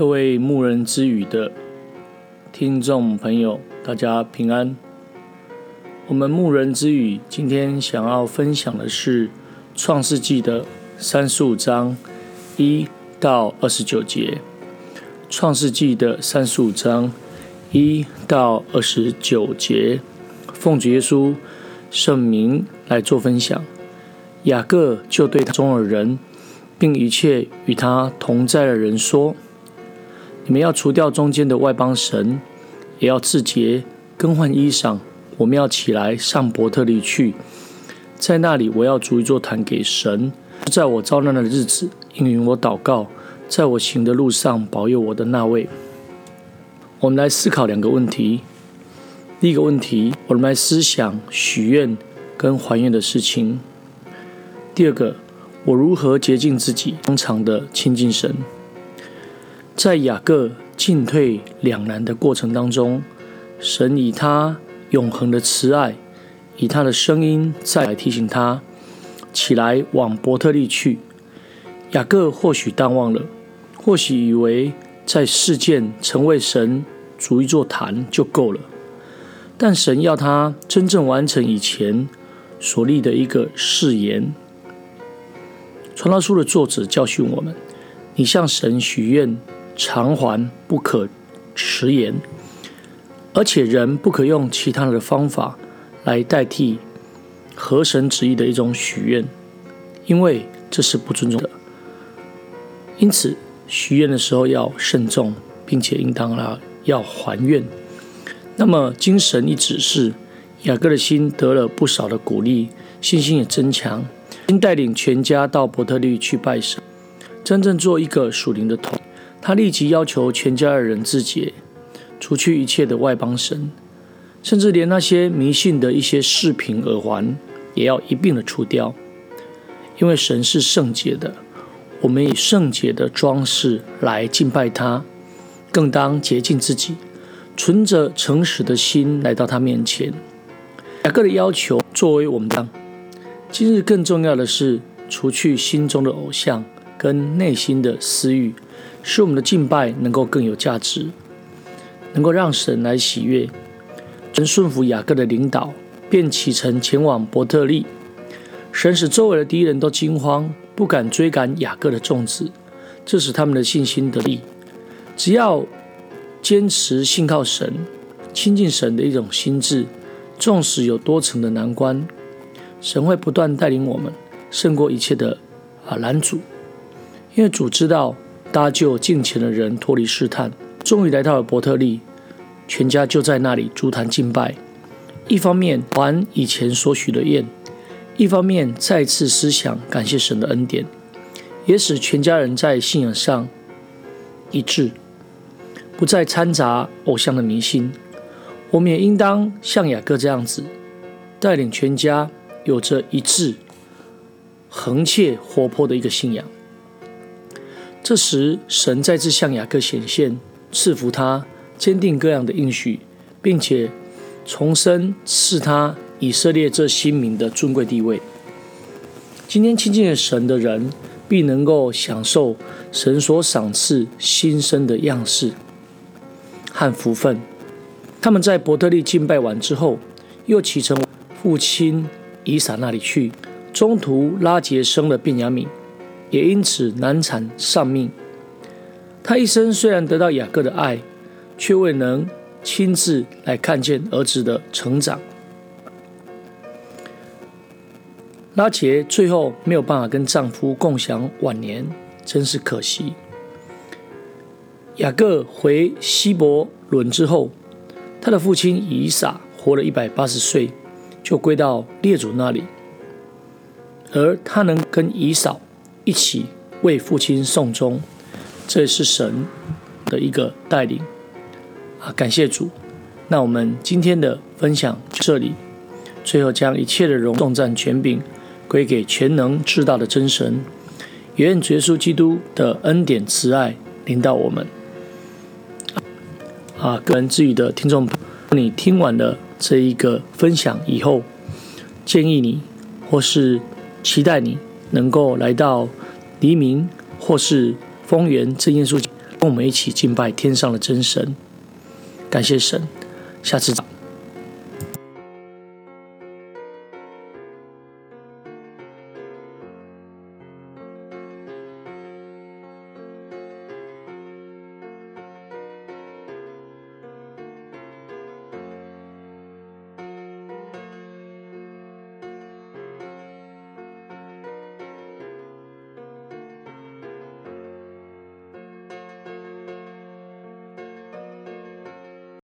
各位牧人之語的聽眾朋友，大家平安。我們牧人之語今天想要分享的是創世紀的35章節《創世紀》的三十五章一到二十九節，《創世紀》的三十五章一到二十九節，奉主耶穌聖名來做分享。雅各就對他家中的人，並一切與他同在的人說。我們要除掉中間的外邦神，也要自潔更換衣裳。我們要起來上伯特利去，在那裡我要築一座壇給神，在我遭難的日子應允我禱告，在我行的路上保佑我的那位。我們來思考兩個問題：第一個問題，我們來思想許願跟還願的事情；第二個，我如何潔淨自己，通常的親近神。在雅各進退兩難的過程當中，神以他永恆的慈愛，以他的聲音再來提醒他起來往伯特利去。雅各或許淡忘了，或許以為在世間成為神築一座壇就夠了，但神要他真正完成以前所立的一個誓言。傳道書的作者教訓我們：你向神許願，償還不可遲延，而且人不可用其他的方法來代替合神旨意的一種許願，因為這是不尊重的。因此，許願的時候要慎重，並且應當啊要還願。那麼，經神一指示，雅各的心得了不少的鼓勵，信心也增強，帶領全家到伯特利去拜神，真正做一個屬靈的童。他立即要求全家的人自潔，除去一切的外邦神，甚至連那些迷信的一些飾品、耳環，也要一併的除掉。因為神是聖潔的，我們以聖潔的裝飾來敬拜他，更當潔淨自己，存着誠實的心來到他面前。雅各的要求作為我們當今日，更重要的是除去心中的偶像跟內心的私慾。使我們的敬拜能夠更有價值，能夠讓神來喜悅。神順服雅各的領導，便啟程前往伯特利。神使周圍的敵人都驚慌，不敢追趕雅各的眾子，這使他們的信心得力。只要堅持信靠神、親近神的一種心智，縱使有多層的難關，神會不斷帶領我們勝過一切的啊攔阻。因為主知道。搭救敬虔的人脫離試探，終於來到了伯特利，全家就在那裡築壇敬拜，一方面還以前所許的願，一方面再次思想感謝神的恩典，也使全家人在信仰上一致，不再摻雜偶像的迷信。我們也應當像雅各這樣子，帶領全家有着一致、恆切、活潑的一個信仰。這時，神再次向雅各顯現，賜福他，堅定各樣的應許，並且重申賜他以色列這新名的尊貴地位。今天親近的神的人，必能夠享受神所賞賜新生的樣式和福分。他們在伯特利敬拜完之後，又啟程往父親以撒那裡去，中途拉結生了便雅憫。也因此難產喪命。她一生雖然得到雅各的愛，卻未能親自來看見兒子的成長。拉結最後沒有辦法跟丈夫共享晚年，真是可惜。雅各回希伯崙之後，他的父親以撒活了一百八十歲，就歸到列祖那裡，而他能跟以撒，一起為父親送終，這是神的一個帶領啊！感謝主。那我們今天的分享就這裡，最後將一切的榮頌讚權柄歸給全能至大的真神，也願耶穌基督的恩典慈愛臨到我們。啊，各位自語的聽眾朋友，你聽完了這一個分享以後，建議你或是期待你。能夠來到黎明，或是豐源真耶穌，跟我們一起敬拜天上的真神，感謝神，下次再見。